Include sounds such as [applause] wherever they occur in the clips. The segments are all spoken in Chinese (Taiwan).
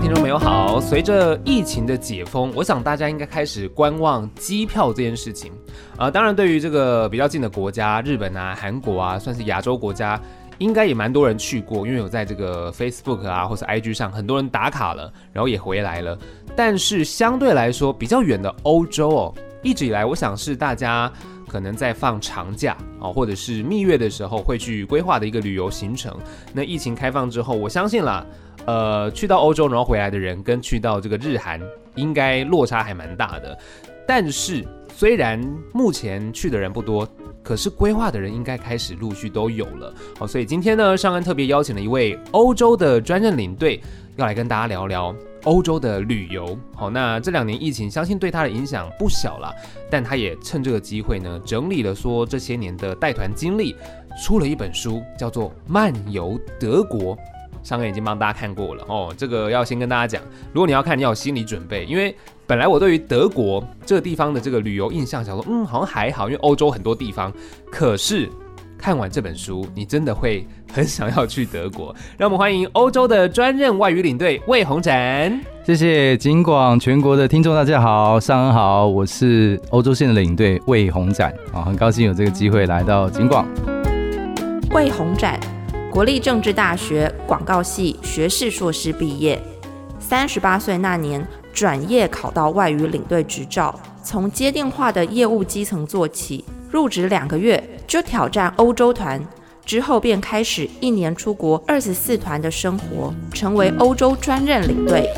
聽眾朋友好，隨着疫情的解封，我想大家應該開始觀望機票這件事情。啊、呃，當然對於這個比較近的國家，日本啊、韓國啊，算是亞洲國家，應該也蠻多人去過，因為有在這個 Facebook 啊、或者 IG 上很多人打卡了，然後也回來了。但是相對來說比較遠的歐洲哦，一直以來我想是大家可能在放長假啊、哦，或者是蜜月的時候會去規劃的一個旅遊行程。那疫情開放之後，我相信啦。呃，去到歐洲然後回來的人跟去到這個日韓應該落差還蠻大的，但是雖然目前去的人不多，可是規劃的人應該開始陸續都有了。好，所以今天呢，尚恩特別邀請了一位歐洲的專任領隊，要來跟大家聊聊歐洲的旅遊。好，那這兩年疫情相信對他的影響不小了，但他也趁這個機會呢，整理了說這些年的帶團經歷，出了一本書，叫做《慢遊德國》。上個已經幫大家看過了哦，這個要先跟大家講，如果你要看，你要有心理準備，因為本來我對於德國這個地方的這個旅遊印象，想說，嗯，好像還好，因為歐洲很多地方。可是看完這本書，你真的會很想要去德國。 [laughs] 讓我們歡迎歐洲的專任外語領隊魏紅展。謝謝景廣全國的聽眾，大家好，上午好，我是歐洲線的領隊魏紅展，啊，很高興有這個機會來到景廣。魏紅展。國立政治大學廣告系學士、碩士畢業，三十八歲那年轉業考到外語領隊執照，從接電話的業務基層做起，入職兩個月就挑戰歐洲團，之後便開始一年出國二十四團的生活，成為歐洲專任領隊。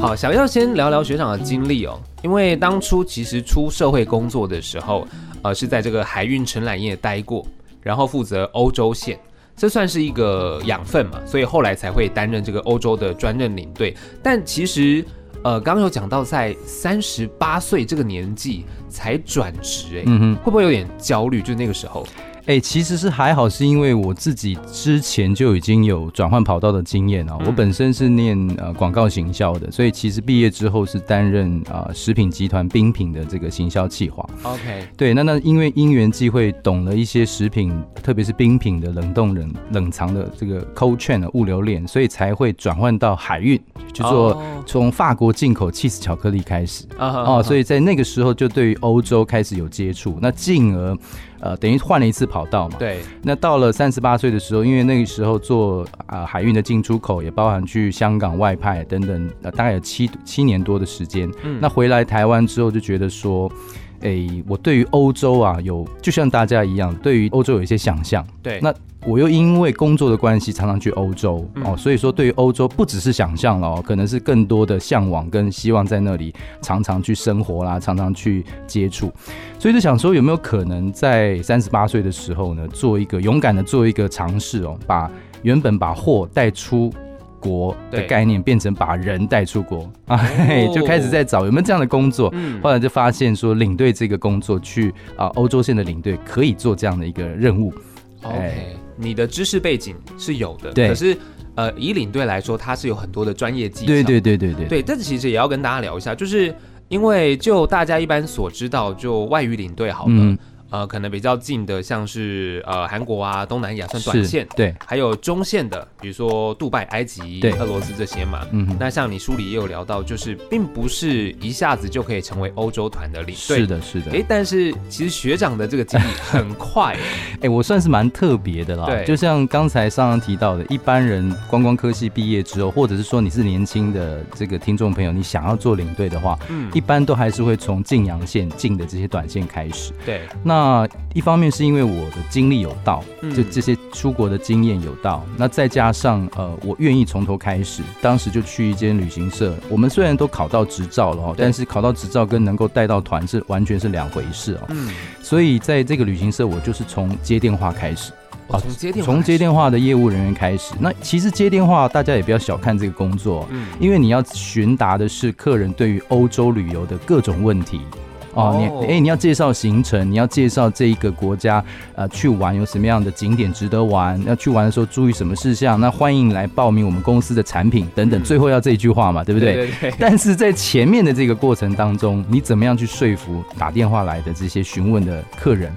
好，想要先聊聊學長的經歷哦，因為當初其實出社會工作的時候，呃，是在這個海運承攬業待過，然後負責歐洲線。這算是一個養分嘛，所以後來才會擔任這個歐洲的專任領隊。但其實，呃，剛剛有講到，在三十八歲這個年紀才轉職、欸，哎、嗯，會不會有點焦慮？就那個時候。哎、欸，其實是還好，是因為我自己之前就已經有轉換跑道的經驗了、啊嗯。我本身是念呃廣告行銷的，所以其實畢業之後是擔任啊、呃、食品集團冰品的這個行銷企劃。OK，對，那那因為因緣際會，懂了一些食品，特別是冰品的冷凍冷冷藏的這個 Cold Chain 的物流鏈，所以才會轉換到海運，去做從法國進口 cheese 巧克力開始。啊、oh. 哦，所以，在那個時候就對於歐洲開始有接觸，那進而。呃、等於換了一次跑道嘛。對。那到了三十八歲的時候，因為那個時候做啊、呃、海運的進出口，也包含去香港外派等等，呃、大概有七七年多的時間。嗯。那回來台灣之後，就覺得說，哎、欸，我對於歐洲啊，有就像大家一樣，對於歐洲有一些想象。對。那。我又因為工作的關係，常常去歐洲、嗯、哦，所以說對於歐洲不只是想象了、哦，可能是更多的嚮往跟希望，在那裡常常去生活啦，常常去接觸，所以就想說有沒有可能在三十八歲的時候呢，做一個勇敢的做一個嘗試哦，把原本把貨帶出國的概念變成把人帶出國啊， [laughs] 就開始在找、哦、有沒有這樣的工作、嗯，後來就發現說領隊這個工作，去啊、呃、歐洲線的領隊可以做這樣的一個任務、哎、OK。你的知識背景是有的，可是，呃，以領隊來說，他是有很多的專業技巧。對，對對對對對。對，但其實也要跟大家聊一下，就是因為就大家一般所知道，就外語領隊好了。嗯呃，可能比較近的，像是呃韓國啊、東南亞算短線，對，還有中線的，比如說杜拜、埃及、對俄羅斯這些嘛。嗯，那像你書裡也有聊到，就是並不是一下子就可以成為歐洲團的領隊。是的，是的。哎、欸，但是其實學長的這個經歷很快。哎 [laughs] 、欸，我算是蠻特別的啦。對。就像剛才上上提到的，一般人觀光科系畢業之後，或者是說你是年輕的這個聽眾朋友，你想要做領隊的話，嗯，一般都還是會從近洋線近的這些短線開始。對。那。那一方面是因為我的經歷有到，就這些出國的經驗有到，嗯。那再加上呃，我願意從頭開始，當時就去一間旅行社。我們雖然都考到執照了，但是考到執照跟能夠帶到團是完全是兩回事哦。嗯，所以在這個旅行社，我就是從接電話開始啊，從、哦哦、接，接電話的業務人員開始。那其實接電話大家也不要小看這個工作，嗯，因為你要詢答的是客人對於歐洲旅遊的各種問題。哦，你誒、欸，你要介紹行程，你要介紹這一個國家，呃，去玩有什麼樣的景點值得玩，要去玩的時候注意什麼事項，那歡迎來報名我們公司的產品等等，最後要這一句話嘛，嗯、對不對？對、對、對。但是在前面的這個過程當中，你怎麼樣去說服打電話來的這些詢問的客人？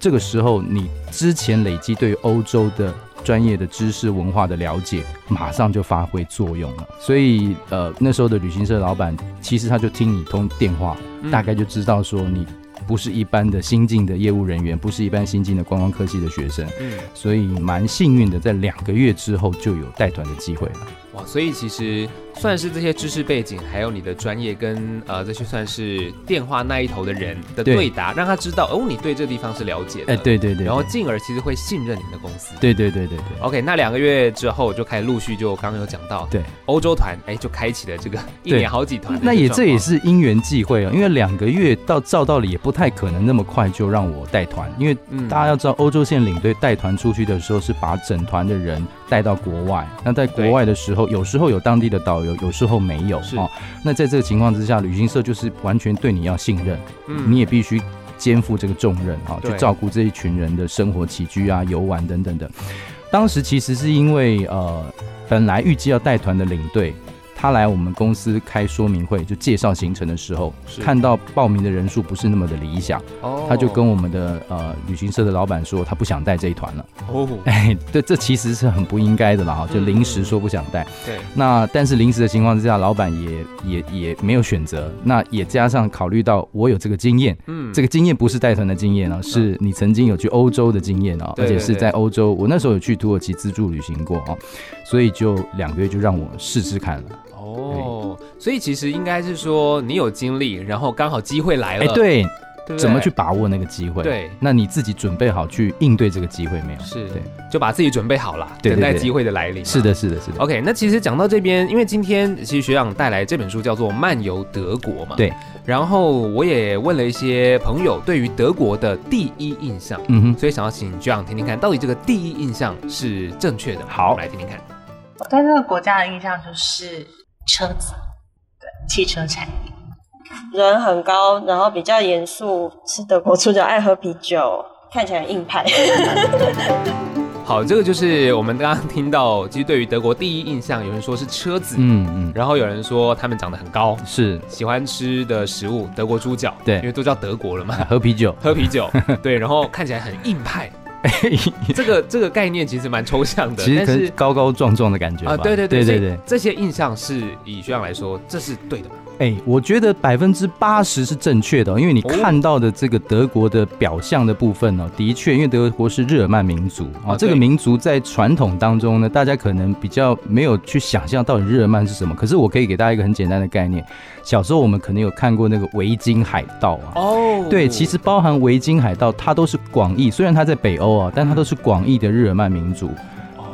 這個時候你之前累積對歐洲的。專業的知識文化的了解，馬上就發揮作用了。所以，呃，那時候的旅行社老闆，其實他就聽你通電話，大概就知道說你不是一般的新進的業務人員，不是一般新進的觀光科技的學生。所以蠻幸運的，在兩個月之後就有帶團的機會了。哇，所以其實算是這些知識背景，還有你的專業跟，跟呃這些算是電話那一頭的人的對答，對讓他知道哦，你對這地方是了解的，對,對對對，然後進而其實會信任你們的公司，對對對對對。OK，那兩個月之後我就開始陸續就剛剛有講到，對，歐洲團，哎，就開啟了這個一年好幾團，那也這也是因緣際會了，因為兩個月到照道理也不太可能那麼快就讓我帶團，因為大家要知道，歐洲線領隊帶團出去的時候是把整團的人。帶到國外，那在國外的時候，有時候有當地的導遊，有時候沒有、哦、那在這個情況之下，旅行社就是完全對你要信任，嗯、你也必須肩負這個重任啊、哦，去照顧這一群人的生活起居啊、遊玩等等等。當時其實是因為呃，本來預計要帶團的領隊。他來我們公司開說明會，就介紹行程的時候，看到報名的人數不是那麼的理想，哦、他就跟我們的呃旅行社的老闆說，他不想帶這一團了。哦，哎，對，這其實是很不應該的啦，就臨時說不想帶。對、嗯。那但是臨時的情況之下，老闆也也也沒有選擇，那也加上考慮到我有這個經驗，嗯，這個經驗不是帶團的經驗啊，是你曾經有去歐洲的經驗啊，而且是在歐洲，對對對，我那時候有去土耳其自助旅行過啊，所以就兩個月就讓我試試看了。哦、oh,，所以其實應該是說你有經歷，然後剛好機會來了。哎，對，怎麼去把握那個機會？對，那你自己準備好去應對這個機會沒有？是，對，就把自己準備好了，對對對對，等待機會的來臨。是的，是的，是的。OK，那其實講到這邊，因為今天其實學長帶來這本書叫做《漫遊德國》嘛，對。然後我也問了一些朋友對於德國的第一印象，嗯哼，所以想要請學長聽聽看，到底這個第一印象是正確的。好，我來聽聽看。我對這個國家的印象就是。車子，對，汽車產業。人很高，然後比較嚴肅，吃德國豬腳，愛喝啤酒，看起來很硬派。 [laughs] 好，這個就是我們剛剛聽到，其實對於德國第一印象，有人說是車子，嗯嗯，然後有人說他們長得很高，是喜歡吃的食物德國豬腳，對，因為都叫德國了嘛，啊、喝啤酒，喝啤酒， [laughs] 對，然後看起來很硬派。 [laughs] 這個這個概念其實蠻抽象的，其實是高高壯壯的感覺吧啊！對對對對對，對，對對對，這些印象，是以學長來說，這是對的吧？誒、欸，我覺得百分之八十是正確的，因為你看到的這個德國的表象的部分呢，的確，因為德國是日耳曼民族啊，這個民族在傳統當中呢，大家可能比較沒有去想象到底日耳曼是什麼。可是我可以給大家一個很簡單的概念，小時候我們可能有看過那個維京海盜啊，哦，對，其實包含維京海盜，它都是廣義，雖然它在北歐啊，但它都是廣義的日耳曼民族。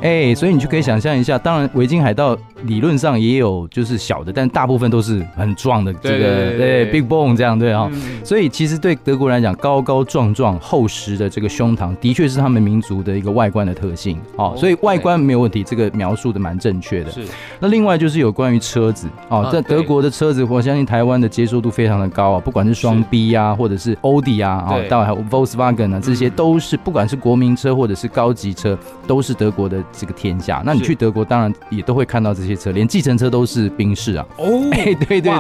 哎、欸，所以你就可以想象一下，哦、當然維京海盜理論上也有就是小的，但大部分都是很壯的這個對，對，對，對，對 big bone 這樣對哈、哦嗯。所以其實對德國人來講，高高壯壯厚實的這個胸膛，的確是他們民族的一個外觀的特性哦，哦，所以外觀沒有問題，這個描述的蠻正確的是。那另外就是有關於車子哦，在德國的車子，啊、我相信台灣的接受度非常的高啊，不管是雙 B 啊，或者是 Audi 啊啊，到、哦、還有 Volkswagen 啊，這些都是、嗯、不管是國民車或者是高級車，都是德國的。這個天下，那你去德國當然也都會看到這些車，連計程車都是賓士啊。哦，哎，對對對，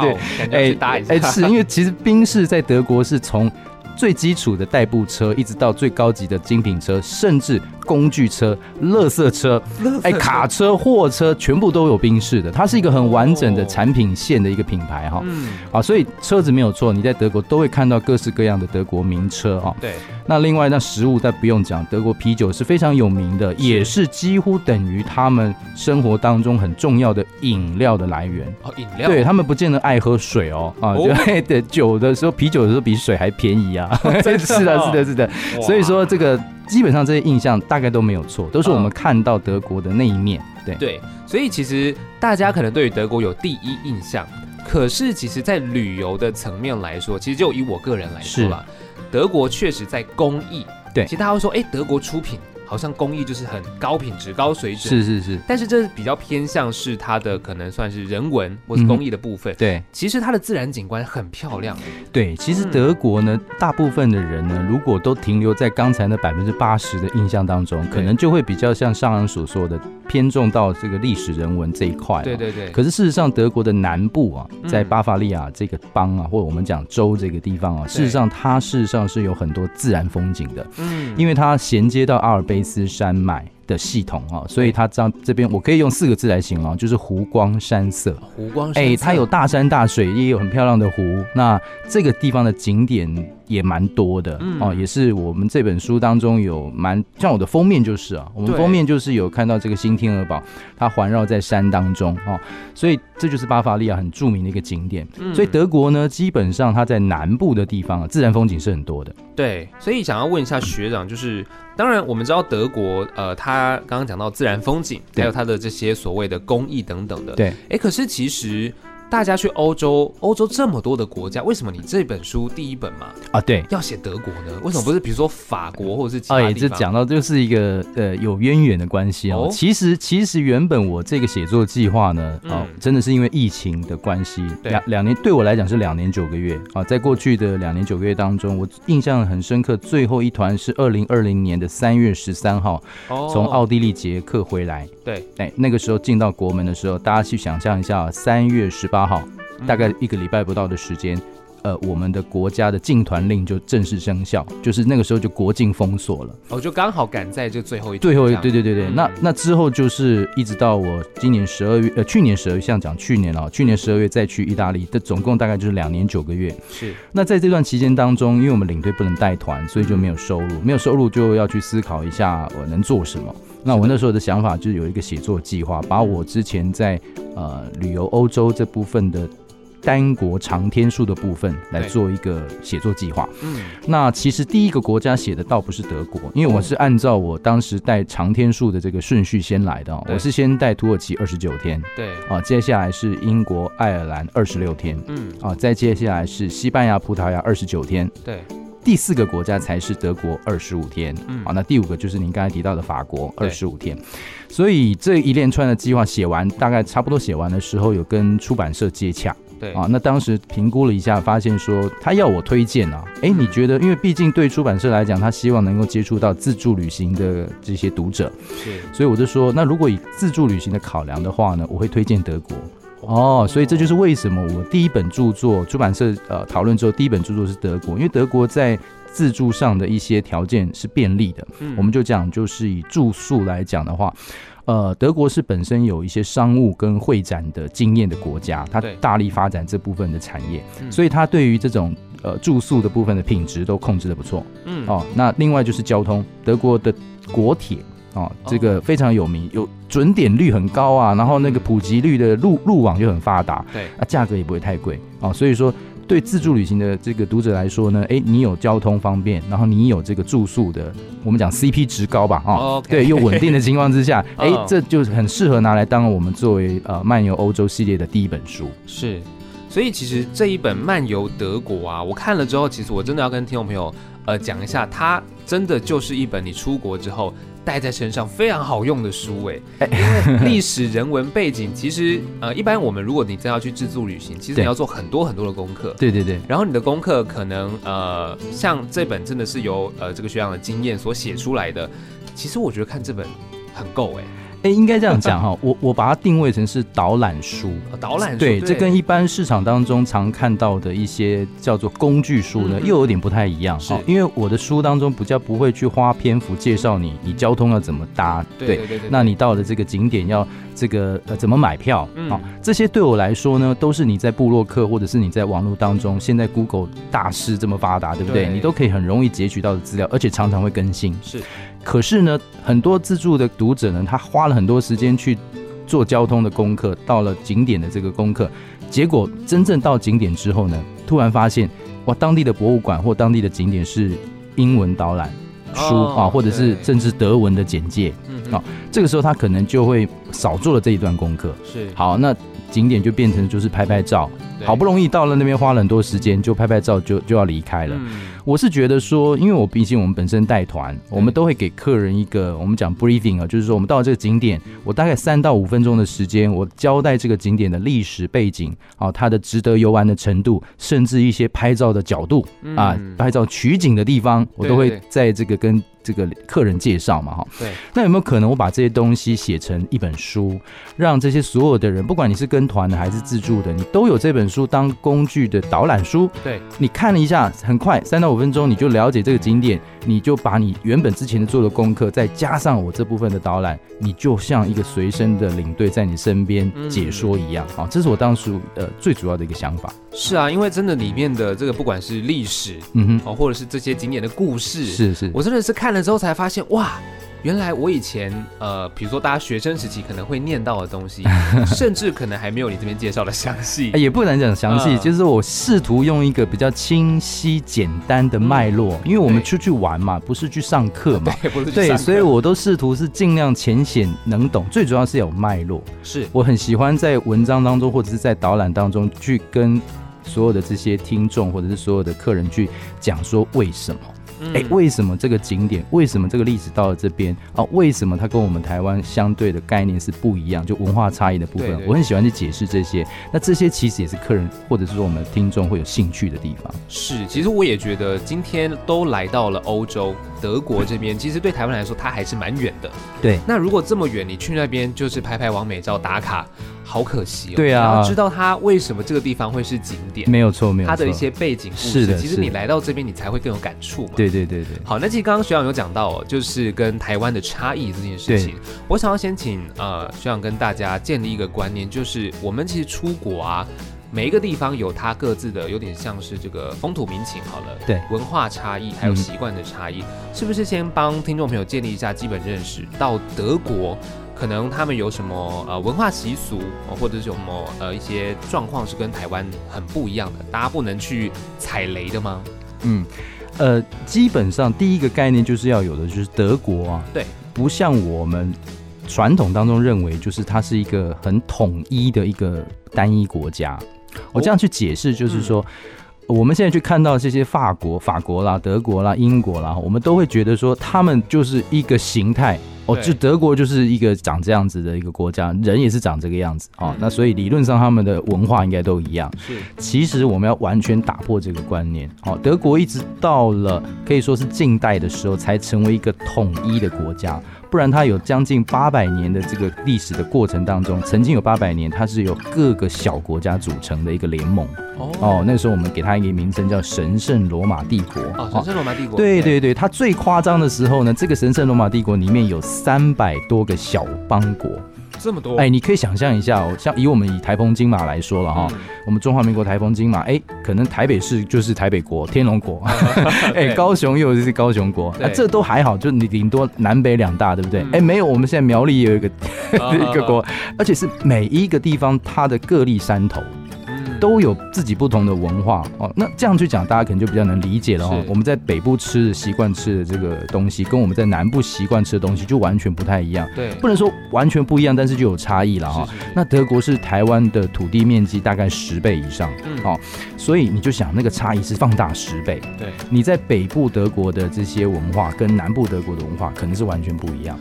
哎，哦，哎，是因為其實賓士在德國是從。最基礎的代步車，一直到最高級的精品車，甚至工具車、樂色車、樂色車、哎，卡車、貨車，全部都有賓士的。它是一個很完整的產品線的一個品牌哈。嗯。啊，所以車子沒有錯，你在德國都會看到各式各樣的德國名車哈。對。那另外那食物再不用講，德國啤酒是非常有名的，是也是幾乎等於他們生活當中很重要的飲料的來源。哦，飲料。對他們不見得愛喝水哦啊，對，酒的時候，啤酒的時候比水還便宜啊。啊， [laughs] 是的，是的，是的，所以說這個基本上這些印象大概都沒有錯，都是我們看到德國的那一面。嗯、對對，所以其實大家可能對於德國有第一印象，可是其實，在旅遊的層面來說，其實就以我個人來說啦，德國確實在工藝，對，其實大家會說，哎，欸，德國出品。好像工藝就是很高品質、高水準，是是是。但是這是比較偏向是它的可能算是人文或是工藝的部分、嗯。對，其實它的自然景觀很漂亮。對，其實德國呢，大部分的人呢，如果都停留在剛才那百分之八十的印象當中，可能就會比較像上文所說的偏重到這個歷史人文這一塊、啊。對對對。可是事實上，德國的南部啊，在巴伐利亞這個邦啊，或者我們講州這個地方啊，事實上它事實上是有很多自然風景的。嗯，因為它銜接到阿爾卑。蒂斯山脈。的系統啊、哦，所以它這這邊我可以用四個字來形容，就是湖光山色。湖光山色哎、欸，它有大山大水，也有很漂亮的湖。那這個地方的景點也蠻多的、嗯、哦，也是我們這本書當中有蠻像我的封面就是啊，我們封面就是有看到這個新天鵝堡，它環繞在山當中哦。所以這就是巴伐利亞很著名的一個景點、嗯。所以德國呢，基本上它在南部的地方，自然風景是很多的。對，所以想要問一下學長，就是、嗯、當然我們知道德國呃，它他剛剛講到自然風景，還有他的這些所謂的工藝等等的，對，哎，可是其實，大家去歐洲，歐洲這麼多的國家，為什麼你這本書第一本嘛啊對，要寫德國呢？為什麼不是比如說法國或者是其他地方？哎、啊，這講到就是一個呃有淵源的關係哦。哦其實其實原本我這個寫作計劃呢，啊、嗯哦、真的是因為疫情的關係，兩兩年對我來講是兩年九個月啊。在過去的兩年九個月當中，我印象很深刻，最後一團是二零二零年的三月十三號、哦，從奧地利捷克回來。對，哎，那個時候進到國門的時候，大家去想象一下、啊，三月十八。八號，大概一個禮拜不到的時間。呃，我們的國家的禁團令就正式生效，就是那個時候就國境封鎖了。我、哦、就剛好趕在這最後一最後一對對對對，嗯、那那之後就是一直到我今年十二月，呃，去年十二月，像講去年啊、哦，去年十二月再去意大利，的，總共大概就是兩年九個月。是，那在這段期間當中，因為我們領隊不能帶團，所以就沒有收入，沒有收入就要去思考一下我能做什麼。那我那時候的想法就是有一個寫作計劃，把我之前在呃旅遊歐洲這部分的。單國長天數的部分來做一個寫作計劃。嗯、okay.，那其實第一個國家寫的倒不是德國、嗯，因為我是按照我當時帶長天數的這個順序先來的、哦。我是先帶土耳其二十九天，對啊，接下來是英國愛爾蘭二十六天，嗯啊，再接下來是西班牙葡萄牙二十九天，對，第四個國家才是德國二十五天。好、嗯啊，那第五個就是您剛才提到的法國二十五天。所以這一連串的計劃寫完，大概差不多寫完的時候，有跟出版社接洽。對啊，那當時評估了一下，發現說他要我推薦啊，哎、嗯，你覺得，因為畢竟對出版社來講，他希望能夠接觸到自助旅行的這些讀者，是，所以我就說，那如果以自助旅行的考量的話呢，我會推薦德國。哦，哦，所以這就是為什麼我第一本著作，出版社呃討論之後，第一本著作是德國，因為德國在自助上的一些條件是便利的。嗯、我們就講，就是以住宿來講的話。呃，德國是本身有一些商務跟會展的經驗的國家，它大力發展這部分的產業，所以它對於這種呃住宿的部分的品質都控制得不錯。嗯，哦，那另外就是交通，德國的國鐵哦，這個非常有名，有準點率很高啊，然後那個普及率的路路網就很發達，對，那、啊、價格也不會太貴哦。所以說。對自助旅行的這個讀者來說呢，哎，你有交通方便，然後你有這個住宿的，我們講 CP 值高吧，啊、哦，oh, okay. 對,又穩定的情況之下，哎、 [laughs] uh -huh.，這就很適合拿來當我們作為呃慢遊歐洲系列的第一本書。是，所以其實這一本慢遊德國啊，我看了之後，其實我真的要跟聽眾朋友呃講一下，它真的就是一本你出國之後。帶在身上非常好用的書哎，因為歷史人文背景，其實 [laughs] 呃，一般我們如果你真要去自助旅行，其實你要做很多很多的功課，對對對，對。然後你的功課可能呃，像這本真的是由呃這個學長的經驗所寫出來的，其實我覺得看這本很夠哎。哎，應該這樣講哈，我我把它定位成是導覽書，導覽書對，這跟一般市場當中常看到的一些叫做工具書呢，又有點不太一樣是因為我的書當中比較不會去花篇幅介紹你，你交通要怎麼搭，對，對，對，對，對，那你到了這個景點要這個呃怎麼買票，好，這些對我來說呢，都是你在部落客或者是你在網絡當中，現在 Google 大師這麼發達，對不對，對？你都可以很容易截取到的資料，而且常常會更新，是。可是呢，很多自助的讀者呢，他花了很多時間去做交通的功課，到了景點的這個功課，結果真正到景點之後呢，突然發現，哇，當地的博物館或當地的景點是英文導覽書、Oh, 啊，或者是甚至德文的簡介好、嗯啊，這個時候他可能就會少做了這一段功課。是好，那景點就變成就是拍拍照，好不容易到了那邊，花了很多時間就拍拍照就，就就要離開了。嗯我是覺得說，因為我畢竟我們本身帶團，我們都會給客人一個我們講 briefing 啊，就是說我們到了這個景點，我大概三到五分鐘的時間，我交代這個景點的歷史背景啊、哦，它的值得遊玩的程度，甚至一些拍照的角度、嗯、啊，拍照取景的地方，我都會在這個跟這個客人介紹嘛，哈，對。那有沒有可能我把這些東西寫成一本書，讓這些所有的人，不管你是跟團的還是自助的，你都有這本書當工具的導覽書。對，你看了一下，很快三到五分鐘你就了解這個景點，你就把你原本之前做的功課，再加上我這部分的導覽，你就像一個隨身的領隊在你身邊解說一樣。好、嗯，這是我當時呃最主要的一個想法。是啊，因為真的裡面的這個不管是歷史，嗯哼，哦，或者是這些景點的故事，是是，我真的是看了。之後才發現哇，原來我以前呃，比如說大家學生時期可能會念到的東西， [laughs] 甚至可能還沒有你這邊介紹的詳細。也不能講詳細，就是我試圖用一個比較清晰簡單的脈絡，嗯，因為我們出去，去玩嘛，不是去上課嘛。對，不是去上課，對，所以我都試圖是盡量淺顯能懂，最主要是有脈絡。是我很喜歡在文章當中或者是在導覽當中去跟所有的這些聽眾或者是所有的客人去講說為什麼。嗯欸、為什麼這個景點？為什麼這個歷史到了這邊？啊，為什麼它跟我們台灣相對的概念是不一樣？就文化差異的部分對對對，我很喜歡去解釋這些。那這些其實也是客人或者是說我們的聽眾會有興趣的地方。是，其實我也覺得今天都來到了歐洲、德國這邊，其實對台灣來說它還是蠻遠的。對，那如果這麼遠，你去那邊就是拍拍網美照打卡。好可惜哦！對啊，然後知道它為什麼這個地方會是景點，沒有錯，沒有錯。它的一些背景故事，是的，其實你來到這邊，你才會更有感觸嘛。對對對對。好，那其實剛剛學長有講到哦，就是跟台灣的差異這件事情。我想要先請呃學長跟大家建立一個觀念，就是我們其實出國啊，每一個地方有它各自的，有點像是這個風土民情好了，對，文化差異還有習慣的差異，嗯，是不是先幫聽眾朋友建立一下基本認識？到德國。可能他們有什麼呃文化習俗，或者是有什麼呃一些狀況是跟台灣很不一樣的，大家不能去踩雷的嗎？嗯，呃，基本上第一個概念就是要有的就是德國啊，對，不像我們傳統當中認為就是它是一個很統一的一個單一國家。我這樣去解釋就是說，哦嗯，我們現在去看到這些法國、法國啦、德國啦、英國啦，我們都會覺得說他們就是一個形態。哦，就德國就是一個長這樣子的一個國家，人也是長這個樣子，嗯，哦，那所以理論上他們的文化應該都一樣。是，其實我們要完全打破這個觀念。哦，德國一直到了可以說是近代的時候，才成為一個統一的國家。不然，它有將近八百年的這個歷史的過程當中，曾經有八百年，它是由各個小國家組成的一個聯盟。Oh. 哦，那時候我們給它一個名稱叫神聖羅馬帝國。Oh, 神聖羅馬帝國，哦。對對對，它最誇張的時候呢，這個神聖羅馬帝國裡面有三百多個小邦國。這麼多哎、欸，你可以想象一下哦，像以我們以台澎金馬來說了哈、嗯，我們中華民國台澎金馬哎、欸，可能台北市就是台北國天龍國，哎、嗯嗯欸，高雄又是高雄國，啊、這都還好，就你頂多南北兩大，對不對？哎、嗯欸，沒有，我們現在苗栗也有一個、嗯、 [laughs] 一個國、啊好好，而且是每一個地方它的各立山頭。都有自己不同的文化哦，那這樣去講，大家可能就比較能理解了哈。我們在北部吃的習慣吃的這個東西，跟我們在南部習慣吃的東西就完全不太一樣。對，不能說完全不一樣，但是就有差異了哈。那德國是台灣的土地面積大概十倍以上，嗯、好，所以你就想那個差異是放大十倍。對，你在北部德國的這些文化，跟南部德國的文化可能是完全不一樣。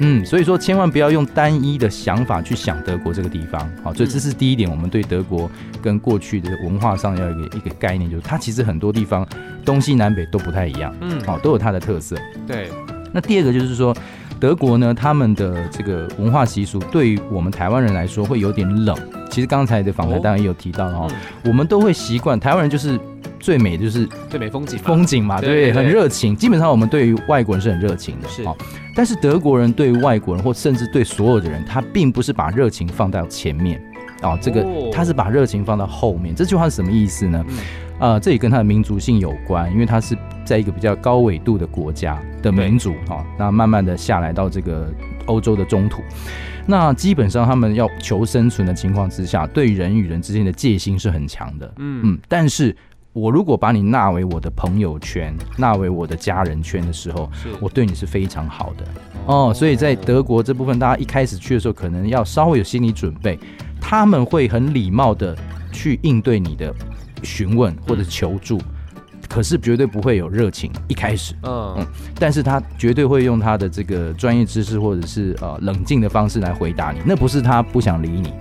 嗯，所以說千萬不要用單一的想法去想德國這個地方，好，所以這是第一點，我們對德國跟過去的文化上要有一個一個概念，就是它其實很多地方東西南北都不太一樣，嗯，好，都有它的特色。對，那第二個就是說，德國呢，他們的這個文化習俗對於我們台灣人來說會有點冷。其實剛才的訪談當然也有提到，哈，我們都會習慣台灣人就是。最美就是最美風景，對對對，風景嘛，對，很熱情。基本上我們對於外國人是很熱情的，是、喔、但是德國人對於外國人，或甚至對所有的人，他並不是把熱情放到前面，哦、喔，這個、哦、他是把熱情放到後面。這句話是什麼意思呢？嗯、呃，這也跟他的民族性有關，因為他是在一個比較高緯度的國家的民族，哈、喔，那慢慢的下來到這個歐洲的中土，那基本上他們要求生存的情況之下，對人與人之間的戒心是很強的，嗯嗯，但是。我如果把你納為我的朋友圈、納為我的家人圈的時候，是我對你是非常好的哦、嗯。所以在德國這部分，大家一開始去的時候，可能要稍微有心理準備。他們會很禮貌的去應對你的詢問或者求助、嗯，可是絕對不會有熱情。一開始，嗯嗯，但是他絕對會用他的這個專業知識或者是呃冷靜的方式來回答你。那不是他不想理你，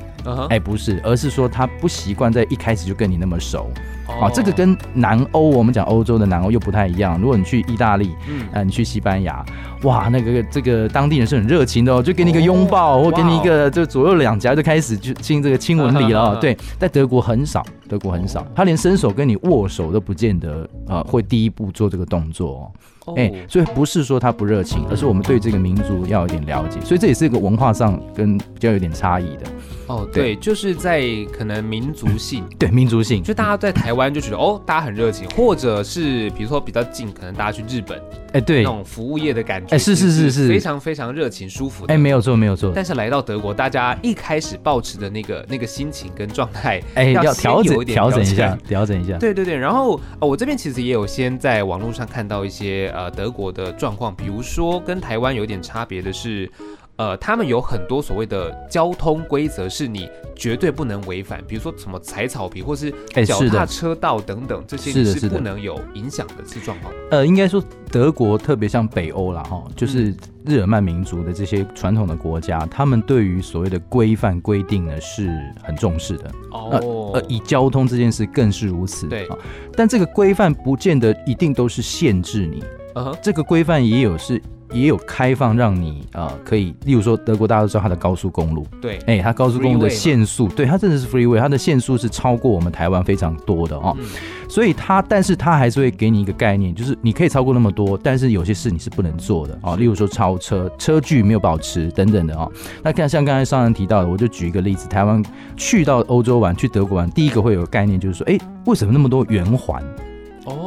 哎，不是，而是說他不習慣在一開始就跟你那麼熟。Oh. 啊，這個跟南歐，我們講歐洲的南歐又不太一樣。如果你去意大利，嗯，啊，你去西班牙，哇，那個這個當地人是很熱情的哦，就給你一個擁抱，oh. 或給你一個、wow. 就左右兩頰就開始就親這個親吻禮了、哦。Oh. 對，在德國很少，德國很少，他、oh. 連伸手跟你握手都不見得啊，會第一步做這個動作、哦。哎、欸，所以不是說他不熱情，而是我們對這個民族要有點了解，所以這也是一個文化上跟比較有點差異的。哦，對，就是在可能民族性， [laughs] 對，民族性，就大家在台灣就覺得 [laughs] 哦，大家很熱情，或者是比如說比較近，可能大家去日本。哎，對，那種服務業的感覺，哎，是是是是，是，非常非常熱情、舒服的。哎，沒有錯，沒有錯。但是來到德國，大家一開始抱持的那個那個心情跟狀態，哎，要調整調整一下，調整一下。對對對。然後、呃、我這邊其實也有先在網絡上看到一些呃德國的狀況，比如說跟台灣有點差別的是。呃，他們有很多所謂的交通規則，是你絕對不能違反，比如說什麼踩草皮，或是腳踏車道等等，這些是不能有影響的狀況，哎。呃，應該說德國特別像北歐啦，哈，哦，就是日耳曼民族的這些傳統的國家，嗯，他們對於所謂的規範規定呢是很重視的。哦，以交通這件事更是如此。對，但這個規範不見得一定都是限制你。呃，嗯，這個規範也有是。也有開放讓你啊、呃，可以，例如說德國，大家都知道它的高速公路，對，哎、欸，它高速公路的限速，對，它真的是 freeway，它的限速是超過我們台灣非常多的哦、嗯，所以它，但是它還是會給你一個概念，就是你可以超過那麼多，但是有些事你是不能做的啊、哦，例如說超車、車距沒有保持等等的哦。那看像剛才商人提到的，我就舉一個例子，台灣去到歐洲玩，去德國玩，第一個會有個概念就是說，哎、欸，為什麼那麼多圓環？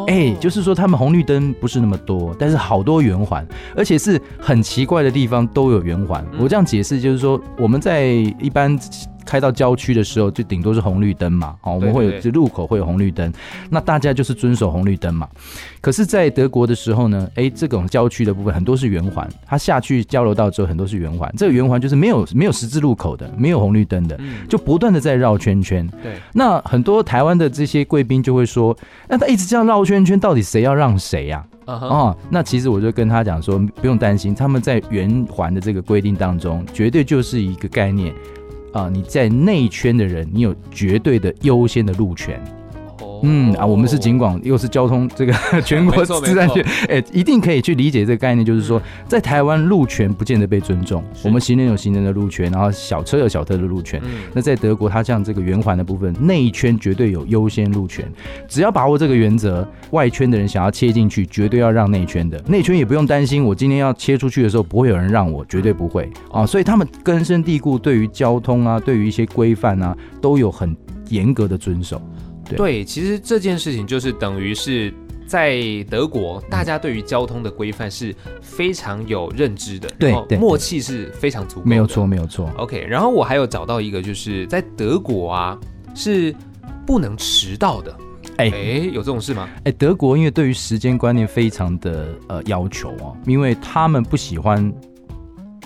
哎，就是說他們紅綠燈不是那麼多，但是好多圓環，而且是很奇怪的地方都有圓環。我這樣解釋，就是說我們在一般，開到郊區的時候，就頂多是紅綠燈嘛。哦、喔，我們會有這路口會有紅綠燈，那大家就是遵守紅綠燈嘛。可是，在德國的時候呢，哎、欸，這種郊區的部分很多是圓環，它下去交流道之後很多是圓環，這個圓環就是沒有沒有十字路口的，沒有紅綠燈的，嗯，就不斷的在繞圈圈。對。那很多台灣的這些貴賓就會說：“那他一直這樣繞圈圈，到底誰要讓誰呀、啊？”啊、Uh-huh 喔，那其實我就跟他講說，不用擔心，他們在圓環的這個規定當中，絕對就是一個概念。啊！你在內圈的人，你有絕對的優先的路權。嗯、哦、啊、哦，我們是儘管又是交通這個全國自然資哎，一定可以去理解這個概念，就是說，在台灣路權不見得被尊重，我們行人有行人的路權，然後小車有小車的路權，嗯。那在德國，它像這個圓環的部分，內圈絕對有優先路權，只要把握這個原則，外圈的人想要切進去，絕對要讓內圈的。內圈也不用擔心，我今天要切出去的時候，不會有人讓我，絕對不會啊。所以他們根深蒂固，對於交通啊，對於一些規範啊，都有很嚴格的遵守。對，其實這件事情就是等於是在德國，大家對於交通的規範是非常有認知的，嗯、對,對然後默契是非常足。沒有錯，沒有錯。OK，然後我還有找到一個，就是在德國啊是不能遲到的。哎,哎有這種事嗎？哎，德國因為對於時間觀念非常的呃要求啊，因為他們不喜歡。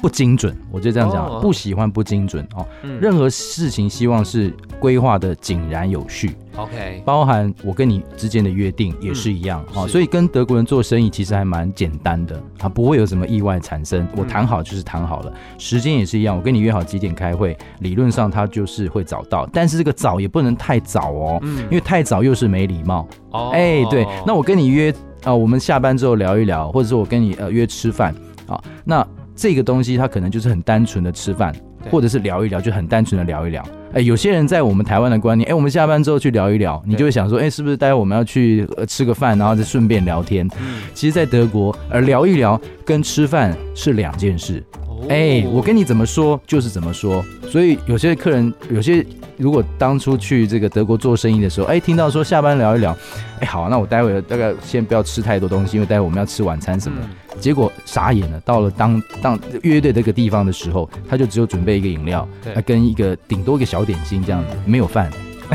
不精準，我就這樣講，oh, oh. 不喜歡不精準哦、嗯。任何事情希望是規劃的井然有序。OK，包含我跟你之間的約定也是一樣、嗯、哦、是，所以跟德國人做生意其實還蠻簡單的，他不會有什麼意外產生。我談好就是談好了，嗯、時間也是一樣。我跟你約好幾點開會，理論上他就是會早到，但是這個早也不能太早哦，嗯、因為太早又是沒禮貌。哎、oh. 欸，對，那我跟你約啊、呃，我們下班之後聊一聊，或者是我跟你呃約吃飯、哦、那。這個東西，它可能就是很單純的吃飯，或者是聊一聊，就很單純的聊一聊。哎，有些人在我們台灣的觀念，哎，我們下班之後去聊一聊，你就會想說，哎，是不是待會我們要去、呃、吃個飯，然後再順便聊天？嗯、其實，在德國，呃，聊一聊跟吃飯是兩件事、哦。哎，我跟你怎麼說就是怎麼說。所以有些客人，有些如果當初去這個德國做生意的時候，哎，聽到說下班聊一聊，哎，好，那我待會大概先不要吃太多東西，因為待會兒我們要吃晚餐什麼的。嗯結果傻眼了，到了當當樂隊這個地方的時候，他就只有準備一個飲料，對，跟一個頂多一個小點心這樣子，沒有飯。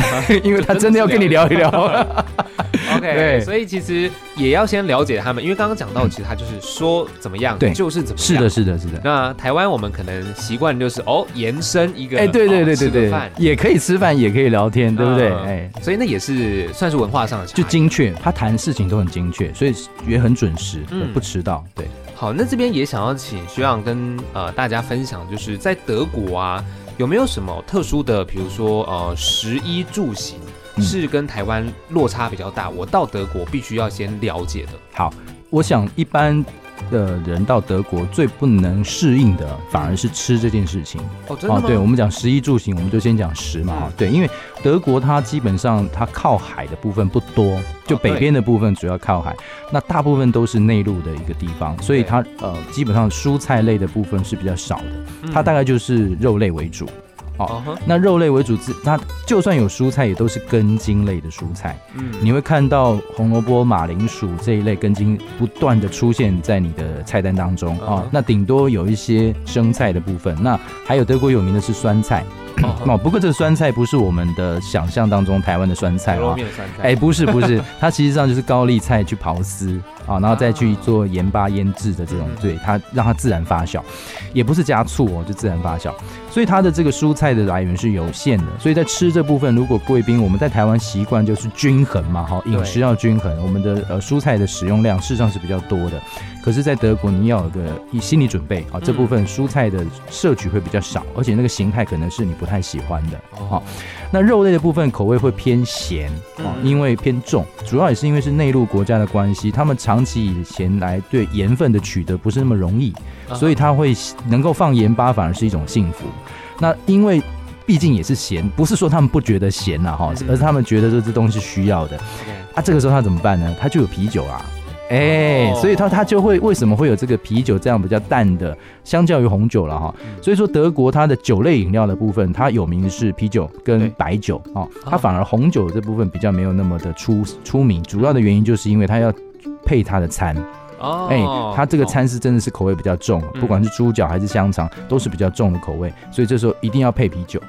[laughs] 因為他真的要跟你聊一聊 [laughs] ，OK， [laughs] 對，所以其實也要先了解他們，因為剛剛講到，其實他就是說怎麼樣，對，就是怎麼樣，是的，是的，是的。那台灣我們可能習慣就是哦，延伸一個，哎、欸，對對對，對、哦、吃個飯對，對，對也可以吃飯，也可以聊天，對不對？哎、呃欸，所以那也是算是文化上的，就精確，他談事情都很精確，所以也很準時，嗯、不遲到，對。好，那這邊也想要請學長跟、呃、大家分享，就是在德國啊。有沒有什麼特殊的，比如說呃，食衣住行是跟台灣落差比較大，我到德國必須要先了解的？好，我想一般。的人到德國最不能適應的，反而是吃這件事情。哦，真的嗎？哦、對，我們講食衣住行，我們就先講食嘛、嗯。對，因為德國它基本上它靠海的部分不多，就北邊的部分主要靠海，哦、那大部分都是內陸的一個地方，所以它呃基本上蔬菜類的部分是比較少的，它大概就是肉類為主。嗯嗯哦、uh -huh.，那肉類為主，那就算有蔬菜，也都是根莖類的蔬菜。嗯，你會看到紅蘿蔔、馬鈴薯這一類根莖不斷的出現在你的菜單當中啊、uh -huh.。那頂多有一些生菜的部分，那還有德國有名的是酸菜。 [laughs] [laughs] 哦、不過這個酸菜不是我們的想象當中台灣的酸菜啊，哎、哦欸，不是不是， [laughs] 它其實上就是高麗菜去刨絲啊、哦，然後再去做鹽巴醃製的這種，對，它讓它自然發酵，也不是加醋哦，就自然發酵，所以它的這個蔬菜的來源是有限的，所以在吃這部分，如果貴賓我們在台灣習慣就是均衡嘛，哦、飲食要均衡，我們的呃蔬菜的使用量事實上是比較多的。可是，在德國你要有個心理準備啊，這部分蔬菜的攝取會比較少，而且那個形態可能是你不太喜歡的、哦、那肉類的部分口味會偏鹹、嗯、因為偏重，主要也是因為是內陸國家的關係，他們長期以前來對鹽分的取得不是那麼容易，所以他會能夠放鹽巴反而是一種幸福。那因為畢竟也是鹹，不是說他們不覺得鹹啊，哈，而是他們覺得這東西需要的、嗯、啊。這個時候他怎麼辦呢？他就有啤酒啊。哎、欸，所以他他就會為什麼會有這個啤酒這樣比較淡的，相較於紅酒了哈。所以說德國它的酒類飲料的部分，它有名的是啤酒跟白酒哦、喔，它反而紅酒這部分比較沒有那麼的出出名。主要的原因就是因為它要配它的餐，哎、嗯欸，它這個餐是真的是口味比較重，嗯、不管是豬腳還是香腸，都是比較重的口味，所以這時候一定要配啤酒。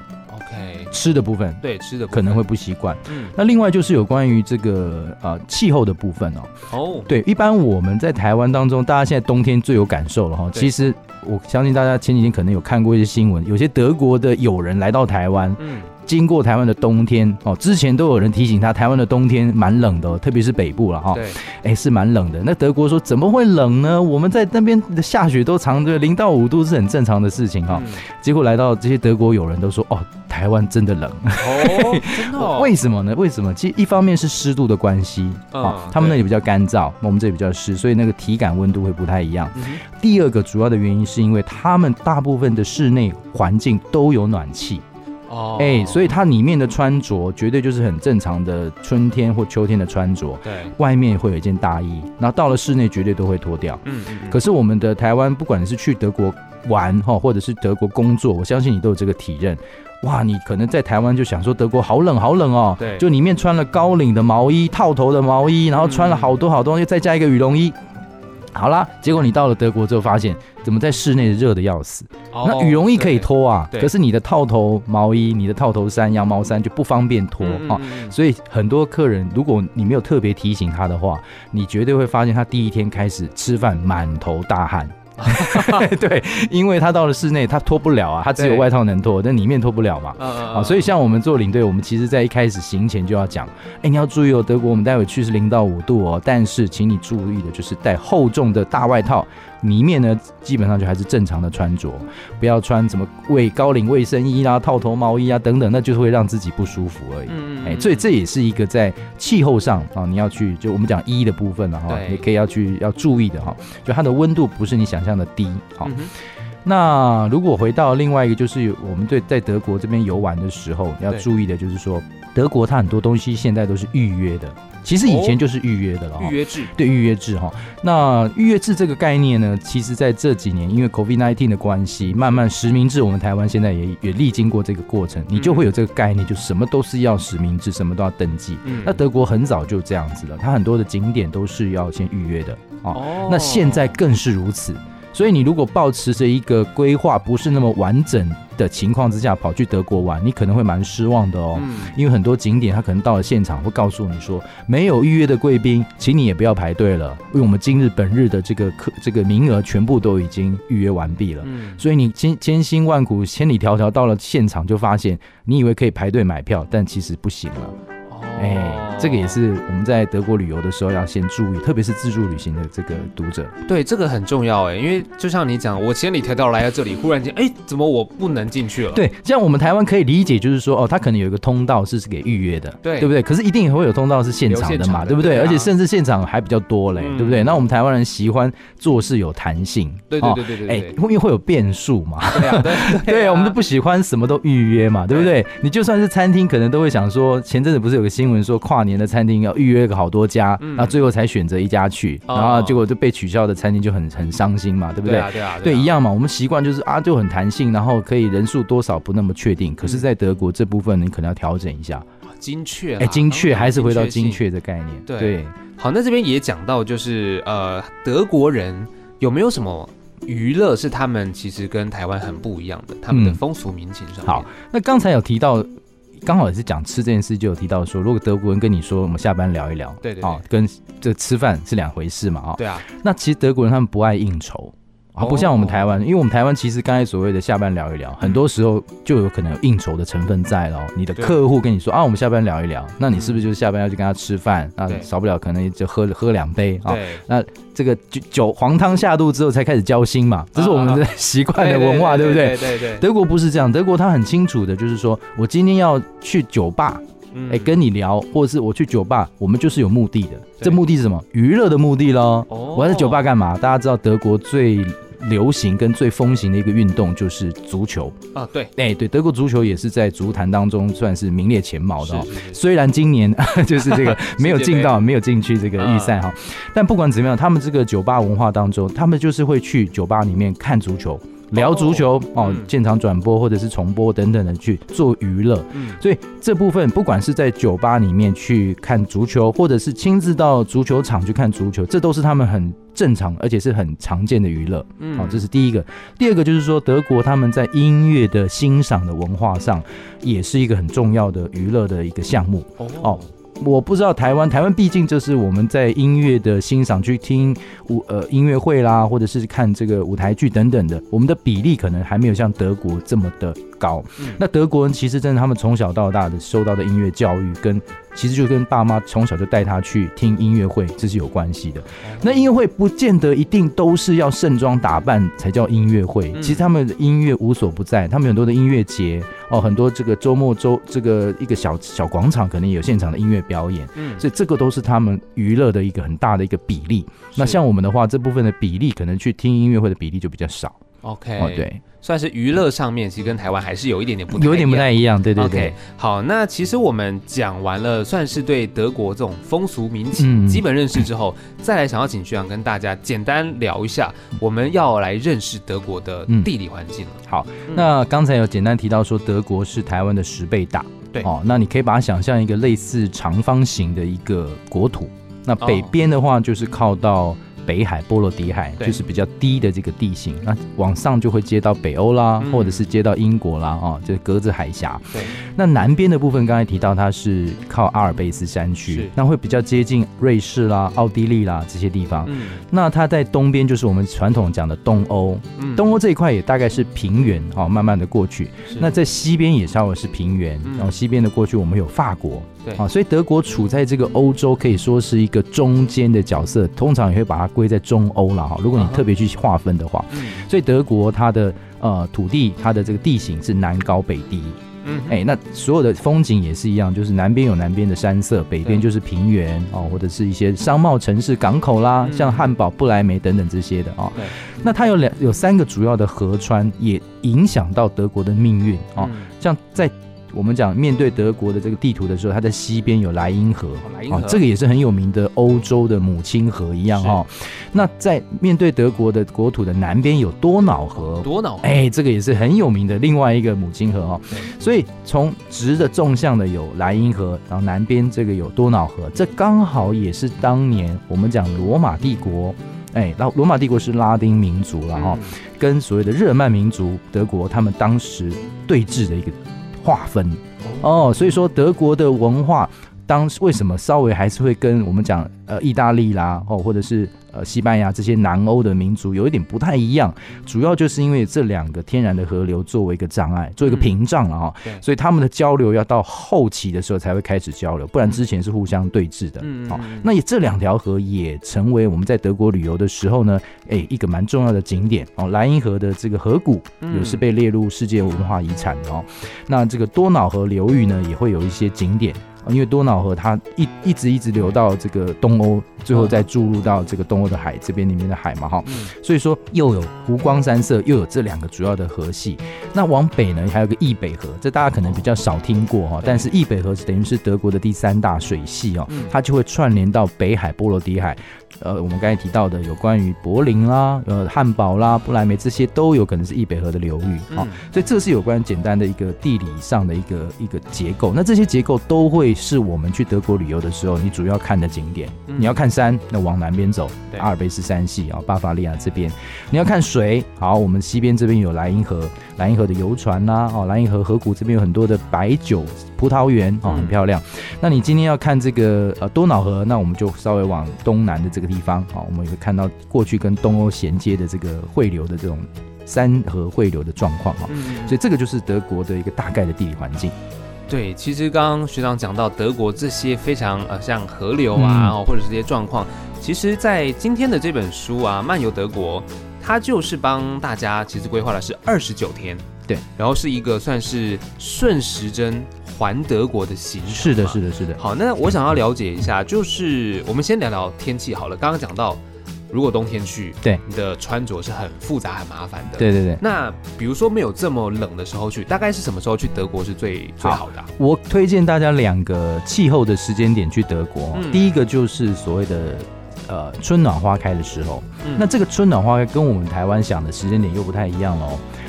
吃的部分，對吃的可能會不習慣。嗯，那另外就是有關於這個呃氣候的部分哦。哦，哦，對，一般我們在台灣當中，大家現在冬天最有感受了哈，哦。其實我相信大家前幾天可能有看過一些新聞，有些德國的友人來到台灣。嗯。經過台灣的冬天哦，之前都有人提醒他，台灣的冬天蠻冷的，特別是北部了哈。對，哎，是蠻冷的。那德國說怎麼會冷呢？我們在那邊的下雪都常對零到五度是很正常的事情哈、嗯。結果來到這些德國友人都說哦，台灣真的冷哦， [laughs] 真的、哦。為什麼呢？為什麼？其實一方面是濕度的關係啊、嗯哦，他們那裡比較乾燥，我們這裡比較濕，所以那個體感溫度會不太一樣。嗯、第二個主要的原因是因為他們大部分的室內環境都有暖氣。哦，哎，所以它裡面的穿着絕對就是很正常的春天或秋天的穿着，對，外面會有一件大衣，然後到了室內絕對都會脫掉。嗯，嗯嗯。可是我們的台灣，不管你是去德國玩哈，或者是德國工作，我相信你都有這個體認。哇，你可能在台灣就想說德國好冷好冷哦，喔，對，就裡面穿了高領的毛衣，套頭的毛衣，然後穿了好多好東西，嗯嗯再加一個羽絨衣。好啦，結果你到了德國之後發現。怎麼在室內熱得要死？Oh, 那羽絨衣可以脫啊，可是你的套頭毛衣，你的套頭衫、羊毛衫就不方便脫啊。嗯哦。所以很多客人，如果你沒有特別提醒他的話，你絕對會發現他第一天開始吃飯滿頭大汗。 [laughs] [laughs] 對，因為他到了室內他脫不了啊，他只有外套能脫，但裡面脫不了嘛，uh, 哦。所以像我們做領隊，我們其實在一開始行前就要講：哎，你要注意哦，德國我們待會去是零到五度哦，但是請你注意的就是帶厚重的大外套。嗯裡面呢，基本上就還是正常的穿着，不要穿什麼衛高領衛生衣啦、啊、套頭毛衣啊等等，那就是會讓自己不舒服而已。哎、嗯欸，所以這也是一個在氣候上啊、哦，你要去就我們講衣，衣的部分的話，你可以要去要注意的哈、哦，就它的溫度不是你想象的低。哦嗯那如果回到另外一個，就是我們對在德國這邊遊玩的時候要注意的，就是說德國它很多東西現在都是預約的。其實以前就是預約的了、哦。預約制。對，預約制哈。那預約制這個概念呢，其實在這幾年因為 COVID-19 的關係，慢慢實名制，我們台灣現在也也歷經過這個過程，你就會有這個概念，就什麼都是要實名制，什麼都要登記。嗯、那德國很早就這樣子了，它很多的景點都是要先預約的哦。那現在更是如此。所以你如果抱持著一個規劃不是那麼完整的情況之下跑去德國玩，你可能會蠻失望的哦、嗯。因為很多景點它可能到了現場會告訴你說，沒有預約的貴賓，請你也不要排隊了，因為我們今日本日的這個客這個名額全部都已經預約完畢了、嗯。所以你千千辛萬苦千里迢迢，迢到了現場，就發現你以為可以排隊買票，但其實不行了。哎、欸，這個也是我們在德國旅遊的時候要先注意，特別是自助旅行的這個讀者。對，這個很重要哎、欸，因為就像你講，我千里迢迢來到這裡， [laughs] 忽然間，哎、欸，怎麼我不能進去了？對，這樣我們台灣可以理解，就是說，哦，他可能有一個通道是給預約的，對，對不對？可是一定會有通道是現場的嘛，的對不對，對、啊？而且甚至現場還比較多嘞、欸嗯，對不對？那我們台灣人喜歡做事有彈性、嗯哦，對對對對對，對，哎、欸，因為會有變數、啊啊、 [laughs] 嘛對對，對，我們都不喜歡什麼都預約嘛，對不對？對你就算是餐廳，可能都會想說，前陣子不是有個。英文說跨年的餐廳要預約個好多家，那、嗯、最後才選擇一家去、哦，然後結果就被取消的餐廳就很很傷心嘛，對不對？對、啊對，啊對，啊、對一樣嘛。我們習慣就是啊，就很彈性，然後可以人數多少不那麼確定。嗯、可是，在德國這部分，你可能要調整一下，精確哎，精確，精確、嗯、還是回到精確，精確的概念。對對，好，那這邊也講到就是呃，德國人有沒有什麼娛樂是他們其實跟台灣很不一樣的？他們的風俗民情上、嗯。好、嗯，那剛才有提到。剛好也是講吃這件事，就有提到說，如果德國人跟你說我們下班聊一聊，對對，對，啊、哦，跟這吃飯是兩回事嘛，啊、哦，對啊。那其實德國人他們不愛應酬。好、哦，不像我們台灣、哦，因為我們台灣其實剛才所謂的下班聊一聊、嗯，很多時候就有可能有應酬的成分在咯。你的客戶跟你說啊，我們下班聊一聊，那你是不是就是下班要去跟他吃飯、嗯？那少不了可能就喝喝兩杯啊、哦。那這個酒黃湯下肚之後才開始交心嘛，這是我們的習慣的文化，啊啊啊對不對，對？對對，對，對，對對。德國不是這樣，德國他很清楚的，就是說我今天要去酒吧。哎、欸，跟你聊，或者是我去酒吧，我們就是有目的的。這目的是什麼？娛樂的目的咯。哦，我在酒吧幹嘛？大家知道德國最流行跟最風行的一個運動就是足球啊、哦。對，哎、欸，對，德國足球也是在足壇當中算是名列前茅的、哦。雖然今年 [laughs] 就是這個 [laughs] 沒有進到謝謝，沒有進去這個預賽哈，但不管怎麼樣，他們這個酒吧文化當中，他們就是會去酒吧裡面看足球。聊足球哦，哦，現場轉播或者是重播等等的去做娛樂，嗯，所以這部分不管是在酒吧裡面去看足球，或者是親自到足球場去看足球，這都是他們很正常而且是很常見的娛樂，嗯，好，哦，這是第一個。第二個就是說，德國他們在音樂的欣賞的文化上，也是一個很重要的娛樂的一個項目，哦。哦我不知道台灣，台灣畢竟就是我們在音樂的欣賞，去聽舞，呃音樂會啦，或者是看這個舞台劇等等的，我們的比例可能還沒有像德國這麼的高。嗯。那德國人其實真的，他們從小到大的受到的音樂教育跟。其實就跟爸媽從小就帶他去聽音樂會，這是有關係的。那音樂會不見得一定都是要盛裝打扮才叫音樂會。嗯。其實他們的音樂無所不在，他們很多的音樂節哦，很多這個週末週這個一個小小廣場，可能也有現場的音樂表演。嗯，所以這個都是他們娛樂的一個很大的一個比例。那像我們的話，這部分的比例可能去聽音樂會的比例就比較少。OK、哦、對，算是娛樂上面，其實跟台灣還是有一點點不太一樣，有點不太一樣，對對對。Okay，好，那其實我們講完了，算是對德國這種風俗民情基本認識之後，嗯、再來想要請學長跟大家簡單聊一下，我們要來認識德國的地理環境、嗯、好，那剛才有簡單提到說，德國是台灣的十倍大，對、嗯、哦，那你可以把它想象一個類似長方形的一個國土，那北邊的話就是靠到。北海、波羅的海就是比較低的這個地形，那往上就會接到北歐啦、嗯，或者是接到英國啦啊、喔，就是隔著海峽。那南邊的部分，剛才提到它是靠阿爾卑斯山區，那會比較接近瑞士啦、奧地利啦這些地方。嗯、那它在東邊就是我們傳統講的東歐、嗯，東歐這一塊也大概是平原啊、喔，慢慢的過去。那在西邊也稍微是平原，嗯、然後西邊的過去我們有法國，啊、喔，所以德國處在這個歐洲可以說是一個中間的角色，通常也會把它歸會在中歐了哈，如果你特別去劃分的話，所以德國它的呃土地，它的這個地形是南高北低，嗯，哎、欸，那所有的風景也是一樣，就是南邊有南邊的山色，北邊就是平原哦，或者是一些商貿城市、港口啦，嗯、像漢堡、不來梅等等這些的啊、哦。那它有兩有三個主要的河川，也影響到德國的命運啊、哦，像在。我們講面對德國的這個地圖的時候，它在西邊有萊茵河,、哦、萊茵河，這個也是很有名的歐洲的母親河一樣哈、哦。那在面對德國的國土的南邊有多瑙河，多瑙，哎，這個也是很有名的另外一個母親河哦，所以從直的縱向的有萊茵河，然後南邊這個有多瑙河，這剛好也是當年我們講羅馬帝國，哎，然後羅馬帝國是拉丁民族了哈、哦嗯，跟所謂的日耳曼民族德國他們當時對峙的一個。劃分，哦，所以說德國的文化。當為什麼稍微還是會跟我們講呃意大利啦哦或者是呃西班牙這些南歐的民族有一點不太一樣，主要就是因為這兩個天然的河流作為一個障礙，做一個屏障了，哦、啊、嗯。所以他們的交流要到後期的時候才會開始交流，不然之前是互相對峙的。好，哦，那也這兩條河也成為我們在德國旅遊的時候呢，哎、欸、一個蠻重要的景點哦，萊茵河的這個河谷也是被列入世界文化遺產的哦、嗯，那這個多瑙河流域呢也會有一些景點。因為多瑙河它一一直一直流到這個東歐，最後再注入到這個東歐的海這邊裡面的海嘛哈、嗯，所以說又有湖光山色，又有這兩個主要的河系。那往北呢，還有個易北河，這大家可能比較少聽過哈，但是易北河是等於是德國的第三大水系哦，它就會串聯到北海、波羅的海。呃，我們剛才提到的有關於柏林啦、呃、漢堡啦、不來梅這些都有可能是易北河的流域啊、嗯，所以這是有關簡單的一個地理上的一個一個結構。那這些結構都會。是我們去德國旅遊的時候，你主要看的景點，你要看山，那往南邊走，阿爾卑斯山系啊，巴伐利亞這邊，你要看水，好，我們西邊這邊有萊茵河，萊茵河的遊船吶，哦，萊茵河河谷這邊有很多的白酒葡萄園、嗯，哦，很漂亮。那你今天要看這個呃多瑙河，那我們就稍微往東南的這個地方，哦，我們也會看到過去跟東歐銜接的這個匯流的這種山河匯流的狀況啊、嗯嗯，所以這個就是德國的一個大概的地理環境。對，其實剛剛學長講到德國這些非常呃，像河流啊，或者是這些狀況，嗯、其實，在今天的這本書啊，《漫遊德國》，它就是幫大家其實規劃的是二十九天，對，然後是一個算是順時針環德國的形式。是的，是的，是的。好，那我想要了解一下，就是我們先聊聊天氣好了。剛剛講到。如果冬天去，對你的穿着是很複雜很麻煩的。對對對。那比如說沒有這麼冷的時候去，大概是什麼時候去德國是最好最好的、啊？我推薦大家兩個氣候的時間點去德國。嗯、第一個就是所謂的呃春暖花開的時候、嗯。那這個春暖花開跟我們台灣想的時間點又不太一樣嘍、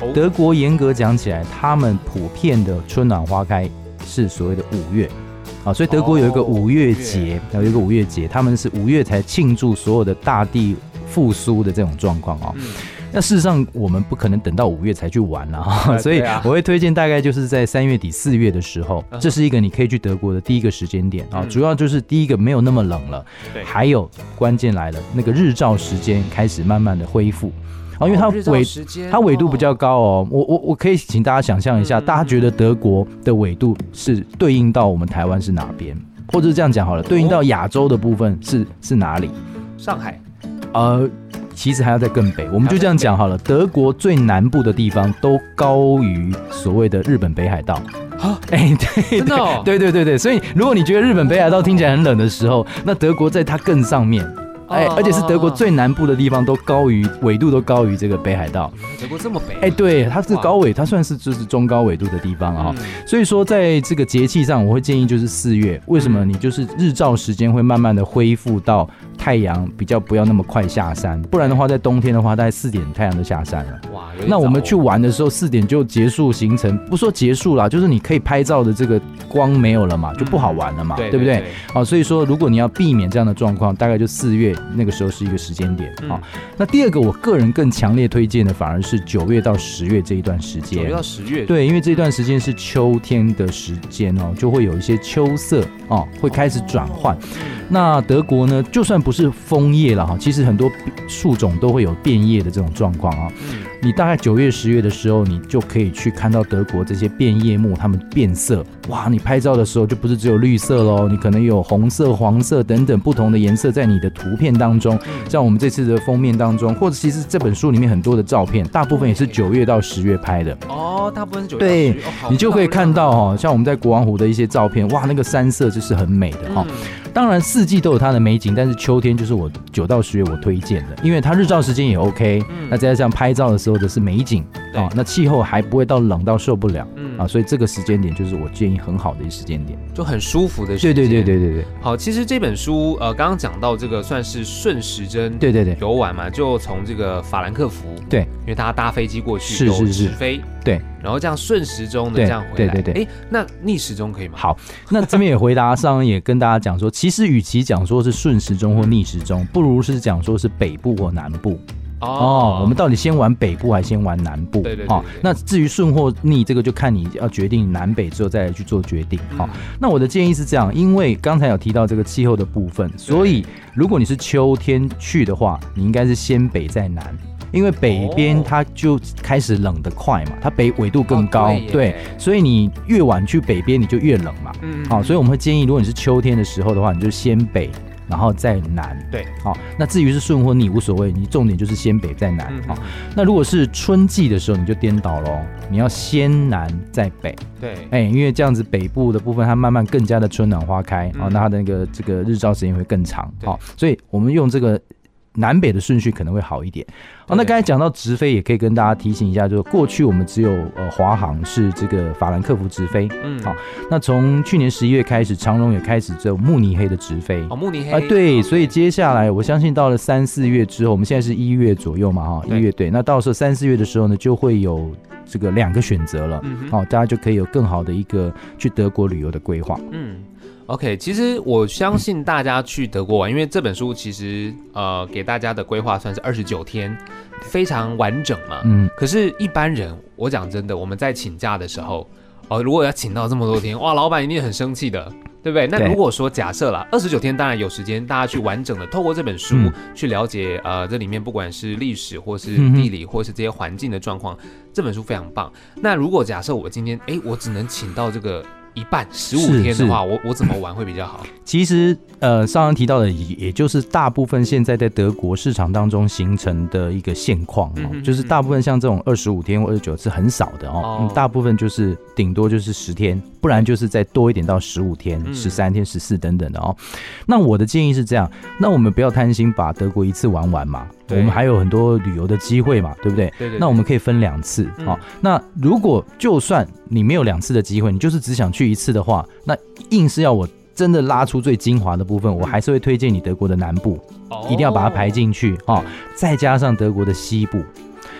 哦。德國嚴格講起來，他們普遍的春暖花開是所謂的五月。啊，所以德國有一個五月節、哦，有一個五月節，他們是五月才慶祝所有的大地復甦的這種狀況哦，嗯、那事實上我們不可能等到五月才去玩了、哦嗯，所以我會推薦大概就是在三月底四月的時候、啊，這是一個你可以去德國的第一個時間點啊、嗯。主要就是第一個沒有那麼冷了、嗯，還有關鍵來了，那個日照時間開始慢慢的恢復。然，哦，後因為它緯它緯度比較高哦，哦我我我可以請大家想象一下，嗯，大家覺得德國的緯度是對應到我們台灣是哪邊？或者是這樣講好了，哦，對應到亞洲的部分是是哪裡？上海。呃，其實還要再更北。我們就這樣講好了，德國最南部的地方都高於所謂的日本北海道。啊，哎，欸，對，對，對，真的，哦？對對對對，所以如果你覺得日本北海道聽起來很冷的時候，哦哦哦那德國在它更上面。哎，而且是德國最南部的地方，都高於緯度，都高於這個北海道。德國這麼北、啊？哎，對，它是高緯，它算是就是中高緯度的地方啊、嗯。所以說，在這個節氣上，我會建議就是四月。為什麼？你就是日照時間會慢慢的恢復到太陽比較不要那麼快下山，不然的話，在冬天的話，大概四點太陽就下山了。哇、哦，那我們去玩的時候，四點就結束行程，不說結束了，就是你可以拍照的這個光沒有了嘛，就不好玩了嘛，嗯、對不對？好，所以說，如果你要避免這樣的狀況，大概就四月。那個時候是一個時間點啊。那第二個，我個人更強烈推薦的反而是九月到十月這一段時間。九月到十月，對，因為這一段時間是秋天的時間哦，就會有一些秋色啊，會開始轉換。那德國呢，就算不是楓葉了哈，其實很多樹種都會有變葉的這種狀況啊。你大概九月、十月的時候，你就可以去看到德國這些變葉木，它們變色，哇！你拍照的時候就不是只有綠色嘍，你可能有紅色、黃色等等不同的顏色在你的圖片當中。像我們這次的封面當中，或者其實這本書裡面很多的照片，大部分也是九月到十月拍的哦。大部分九月對，你就可以看到哦，像我們在國王湖的一些照片，哇，那個山色就是很美的哈。當然四季都有它的美景，但是秋天就是我九到十月我推薦的，因為它日照時間也 OK，那再加上拍照的時候。或者是美景啊，那氣候還不會到冷到受不了，嗯啊，所以這個時間點就是我建議很好的一個時間點，就很舒服的時間點。對對對對對對。好，其實這本書呃，剛剛講到這個算是順時針對對對遊玩嘛，就從這個法蘭克福對，因為大家搭飛機過去是是是飛對，然後這樣順時鐘的這樣回來對，對對對。欸、那逆時鐘可以嗎？好，那這邊也回答，上，也跟大家講說， [laughs] 其實與其講說是順時鐘或逆時鐘，不如是講說是北部或南部。哦、oh, oh,，我們到底先玩北部還是先玩南部？對，對，對，對。哦、那至於順或逆，這個就看你要決定南北之後再來去做決定，好，嗯哦，那我的建議是這樣，因為剛才有提到這個氣候的部分，所以如果你是秋天去的話，你應該是先北再南，因為北邊它就開始冷得快嘛，它北緯度更高，哦，對，對，所以你越晚去北邊你就越冷嘛，嗯，好，哦，所以我們會建議，如果你是秋天的時候的話，你就先北。然後再南，對，好、哦。那至於是順或逆你無所謂，你重點就是先北再南，好、嗯哦，那如果是春季的時候，你就顛倒嘍，你要先南再北，對、哎，因為這樣子北部的部分它慢慢更加的春暖花開啊，那它的那個、嗯、這個日照時間會更長，好、哦，所以我們用這個。南北的順序可能會好一點。好、啊，那剛才講到直飛，也可以跟大家提醒一下，就是過去我們只有呃華航是這個法蘭克福直飛，嗯，好、啊。那從去年十一月開始，長榮也開始只有慕尼黑的直飛。哦，慕尼黑。啊，對。嗯、所以接下來，我相信到了三四月之後、嗯，我們現在是一月左右嘛，哈、啊，一月對，對。那到時候三四月的時候呢，就會有這個兩個選擇了，好、嗯啊，大家就可以有更好的一個去德國旅遊的規劃。嗯。OK，其實我相信大家去德國玩，因為這本書其實呃給大家的規劃算是二十九天，非常完整嘛。嗯。可是，一般人，我講真的，我們在請假的時候，哦，如果要請到這麼多天，哇，老板一定很生氣的，對不對？對，那如果說假設啦，二十九天，當然有時間，大家去完整的透過這本書、嗯、去了解，呃，這裡面不管是歷史，或是地理，或是這些環境的狀況、嗯，這本書非常棒。那如果假設我今天，哎，我只能請到這個。一半十五天的話，我我怎麼玩會比較好？其實，呃，上提到的，也也就是大部分現在在德國市場當中形成的一個現況、哦嗯嗯嗯，就是大部分像這種二十五天或者九次很少的哦，哦、嗯，大部分就是頂多就是十天，不然就是再多一點到十五天、十三天、十四等等的哦、嗯。那我的建議是這樣，那我們不要貪心，把德國一次玩完嘛。我們還有很多旅遊的機會嘛，對不對？對，對對。那我們可以分兩次啊、嗯哦。那如果就算你沒有兩次的機會，你就是只想去一次的話，那硬是要我真的拉出最精華的部分，嗯、我還是會推薦你德國的南部，嗯、一定要把它排進去、哦哦、再加上德國的西部，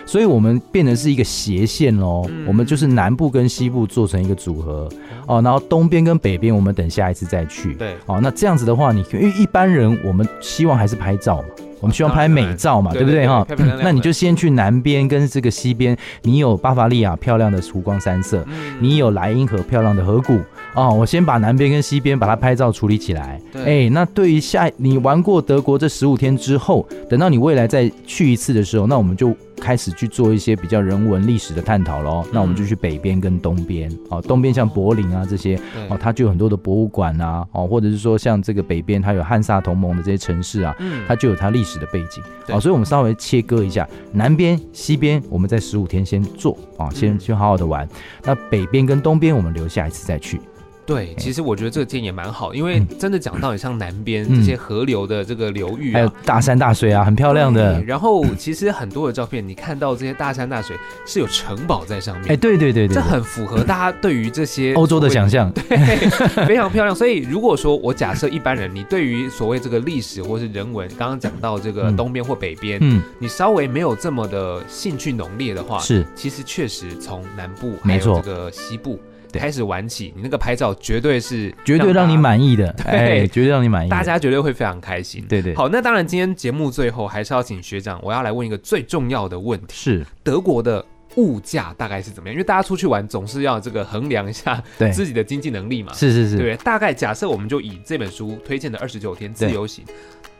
所以我們變成是一個斜線嘍、嗯。我們就是南部跟西部做成一個組合哦，然後東邊跟北邊我們等下一次再去。對。哦，那這樣子的話，你因為一般人我們希望還是拍照嘛。我們需要拍美照嘛，哦、對不對哈、哦？那你就先去南邊跟這個西邊，你有巴伐利亞漂亮的湖光山色、嗯，你有萊茵河漂亮的河谷啊、哦！我先把南邊跟西邊把它拍照處理起來。誒，那對於下你玩過德國這十五天之後，等到你未來再去一次的時候，那我們就。開始去做一些比較人文歷史的探討咯，那我們就去北邊跟東邊，啊，東邊像柏林啊這些，哦，它就有很多的博物館啊，哦，或者是說像這個北邊它有漢薩同盟的這些城市啊，嗯，它就有它歷史的背景，啊、嗯，所以我們稍微切割一下，南邊、西邊我們在十五天先做，啊，先先好好的玩，嗯、那北邊跟東邊我們留下一次再去。對，其實我覺得這個建議也蠻好，因為真的講到你像南邊這些河流的這個流域，啊，還有大山大水啊，很漂亮的。然後其實很多的照片，你看到這些大山大水是有城堡在上面。哎，對對對對，對，對，這很符合大家對於這些歐洲的想象，對，非常漂亮。所以如果說我假設一般人， [laughs] 你對於所謂這個歷史或是人文，剛剛講到這個東邊或北邊，嗯，嗯，你稍微沒有這麼的興趣濃烈的話，是，其實確實從南部還有這個西部。開始玩起，你那個拍照絕對是絕對讓你滿意的，對，欸、絕對讓你滿意，大家絕對會非常開心。對對，對，好，那當然，今天節目最後還是要請學長，我要來問一個最重要的問題：是德國的物價大概是怎麼樣？因為大家出去玩總是要這個衡量一下自己的經濟能力嘛。是是是，對，大概假設我們就以這本書推薦的二十九天自由行。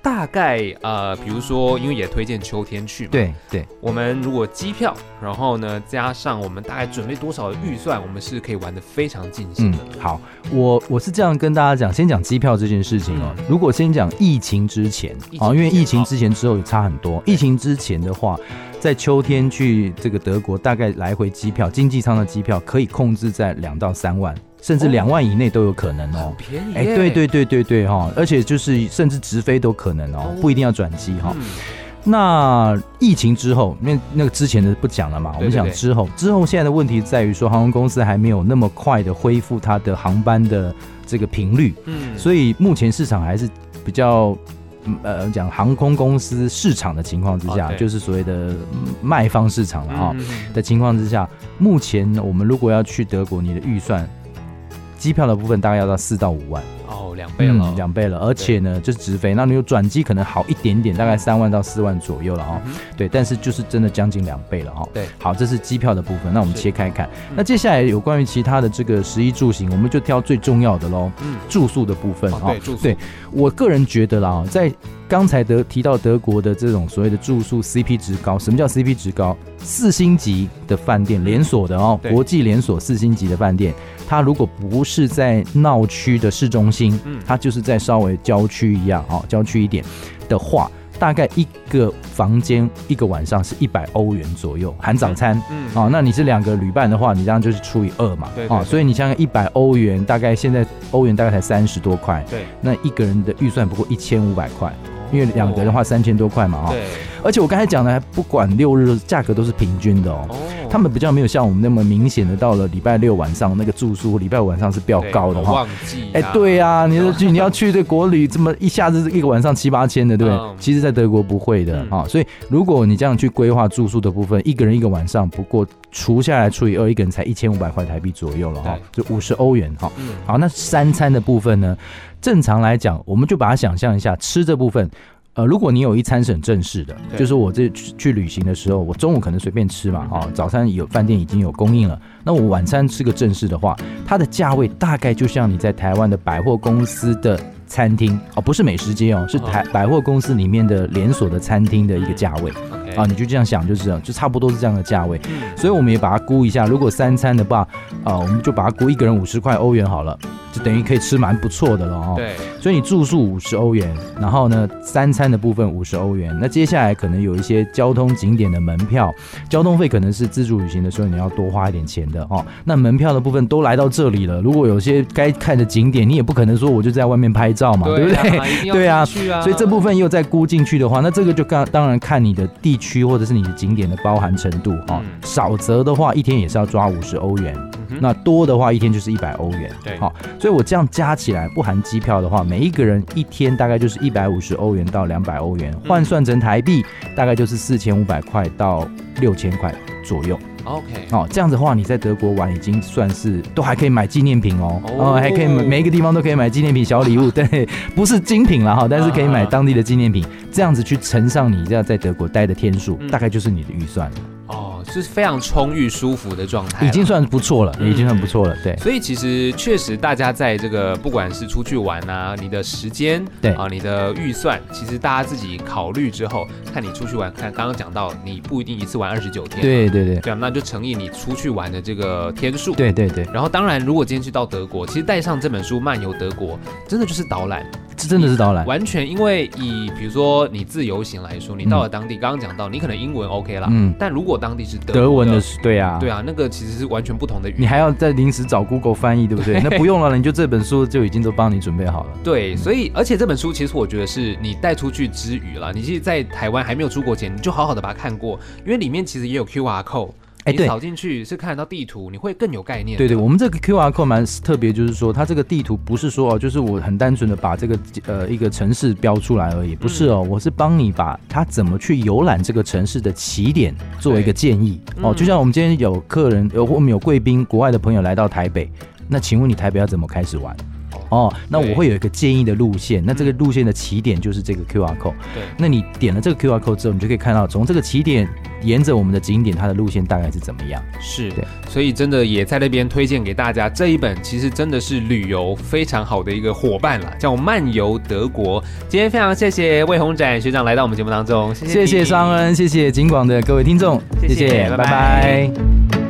大概呃，比如說，因為也推薦秋天去嘛。對對。我們如果機票，然後呢，加上我們大概準備多少的預算，我們是可以玩得非常盡興的，嗯。好，我我是這樣跟大家講，先講機票這件事情哦。嗯、如果先講疫情之前，啊、哦，因為疫情之前之後有差很多，哦。疫情之前的話，在秋天去這個德國，大概來回機票經濟艙的機票可以控制在兩到三萬。甚至兩萬以內都有可能、喔，哦，很便宜哎，欸、欸、對對對對對哈，而且就是甚至直飛都可能哦、喔，嗯,不一定要轉機哈。那疫情之後，因為那個之前的不講了嘛，對對對，我們講之後，之後現在的問題在於說，航空公司還沒有那麼快的恢復它的航班的這個頻率，嗯，所以目前市場還是比較，呃，講航空公司市場的情況之下，okay. 就是所謂的賣方市場了哈、喔嗯嗯嗯，的情況之下，目前我們如果要去德國，你的預算。機票的部分大概要到四到五萬。哦，兩倍了，兩倍了、嗯，而且呢，就是直飛，那你有轉機可能好一點點，大概三萬到四萬左右了哦、嗯。對，但是就是真的將近兩倍了哦。對，好，這是機票的部分，那我們切開看。那接下來有關於其他的這個食衣住行，我們就挑最重要的嘍。嗯，住宿的部分哦住宿，對，對我個人覺得啦，在剛才的提到德國的這種所謂的住宿 CP 值高，什麼叫 CP 值高？四星級的飯店連鎖的哦，國際連鎖四星級的飯店，它如果不是在鬧區的市中心。新，嗯，它就是在稍微郊區一樣，哦、喔，郊區一點的話，大概一個房間一個晚上是一百歐元左右，含早餐，嗯，哦、嗯喔，那你是兩個旅伴的話，你這樣就是除以二嘛，對，對,對，哦、喔，所以你像一百歐元，大概現在歐元大概才三十多塊，對，那一個人的預算不過一千五百塊。因為兩個人的話，三千多塊嘛，哦，而且我剛才講的，還不管六日價格都是平均的，喔，哦。他們比較沒有像我們那麼明顯的，到了禮拜六晚上那個住宿，禮拜五晚上是比較高的。話、欸。哎、啊欸，對啊，你說 [laughs] 你要去這個國旅，這麼一下子一個晚上七八千的，對不對？哦，其實，在德國不會的哈、嗯。所以，如果你這樣去規劃住宿的部分，一個人一個晚上，不過除下來除以二，一個人才一千五百塊台幣左右了哈，就五十歐元哈。嗯。好，那三餐的部分呢？正常來講，我們就把它想象一下，吃這部分，呃，如果你有一餐是很正式的，就是我這去旅行的時候，我中午可能隨便吃嘛，哈、哦，早餐有飯店已經有供應了，那我晚餐吃個正式的話，它的價位大概就像你在台灣的百貨公司的餐廳哦，不是美食街哦，是台百貨公司裡面的連鎖的餐廳的一個價位。啊，你就這樣想就是了，就差不多是這樣的價位，嗯，所以我們也把它估一下。如果三餐的話，啊，我們就把它估一個人五十塊歐元好了，就等於可以吃蠻不錯的了哦。對，所以你住宿五十歐元，然後呢，三餐的部分五十歐元。那接下來可能有一些交通景點的門票，交通費可能是自助旅行的時候你要多花一點錢的哦。那門票的部分都來到這裡了，如果有些該看的景點，你也不可能說我就在外面拍照嘛，對啊、對不對？啊啊？對啊，所以這部分又再估進去的話，那這個就剛當然看你的地區。區或者是你的景點的包含程度哈，少則的話一天也是要抓五十歐元，那多的話一天就是一百歐元，對，所以我這樣加起來不含機票的話，每一個人一天大概就是一百五十歐元到兩百歐元，換算成台幣大概就是四千五百塊到六千塊左右。OK，哦，這樣子的話，你在德國玩已經算是都還可以買紀念品哦，哦，還可以每一個地方都可以買紀念品小禮物、oh.，對，不是精品了哈，但是可以買當地的紀念品，這樣子去乘上你這樣在德國待的天數，大概就是你的預算了、oh. 嗯。嗯。哦，是非常充裕、舒服的狀態，已經算不錯了，已經算不錯了，了。對、嗯，所以其實確實，大家在這個不管是出去玩啊，你的時間，對啊、呃，你的預算，其實大家自己考慮之後，看你出去玩，看剛剛講到，你不一定一次玩二十九天、啊，對對對，對，那就乘以你出去玩的這個天數，對對對。然後，當然，如果今天去到德國，其實帶上這本書慢遊德國，真的就是導覽。這真的是導覽，完全因為以比如說你自由行來說，你到了當地，剛剛講到你可能英文 OK 啦，嗯，但如果當地是德、的德文的是，對呀、啊，對啊，那個其實是完全不同的語言，你還要再臨時找 Google 翻譯，對不對，對？那不用了，你就這本書就已經都幫你準備好了。對，嗯、所以而且這本書其實我覺得是你帶出去之餘啦，你其實在台灣還沒有出國前，你就好好的把它看過，因為裡面其實也有 QR code。哎，你跑進去是看得到地圖，欸、你會更有概念的。對，對對，我們這個 QR code 蠻特別，就是說它這個地圖不是說哦，就是我很單純的把這個呃一個城市標出來而已，不是哦，嗯、我是幫你把它怎麼去遊覽這個城市的起點作為一個建議哦、嗯。就像我們今天有客人，有我們有貴賓、嗯、國外的朋友來到台北，那請問你台北要怎麼開始玩？哦，那我會有一個建議的路線，那這個路線的起點就是這個 QR Code。對，那你點了這個 QR Code 之後，你就可以看到從這個起點沿着我們的景點，它的路線大概是怎麼樣。是，所以真的也在那邊推薦給大家這一本，其實真的是旅遊非常好的一個伙伴啦，叫《慢遊德國》。今天非常謝謝魏宏展學長來到我們節目當中，謝謝，謝，謝雙恩，謝謝景廣的各位聽眾，嗯、謝，謝，謝謝，拜拜。拜拜。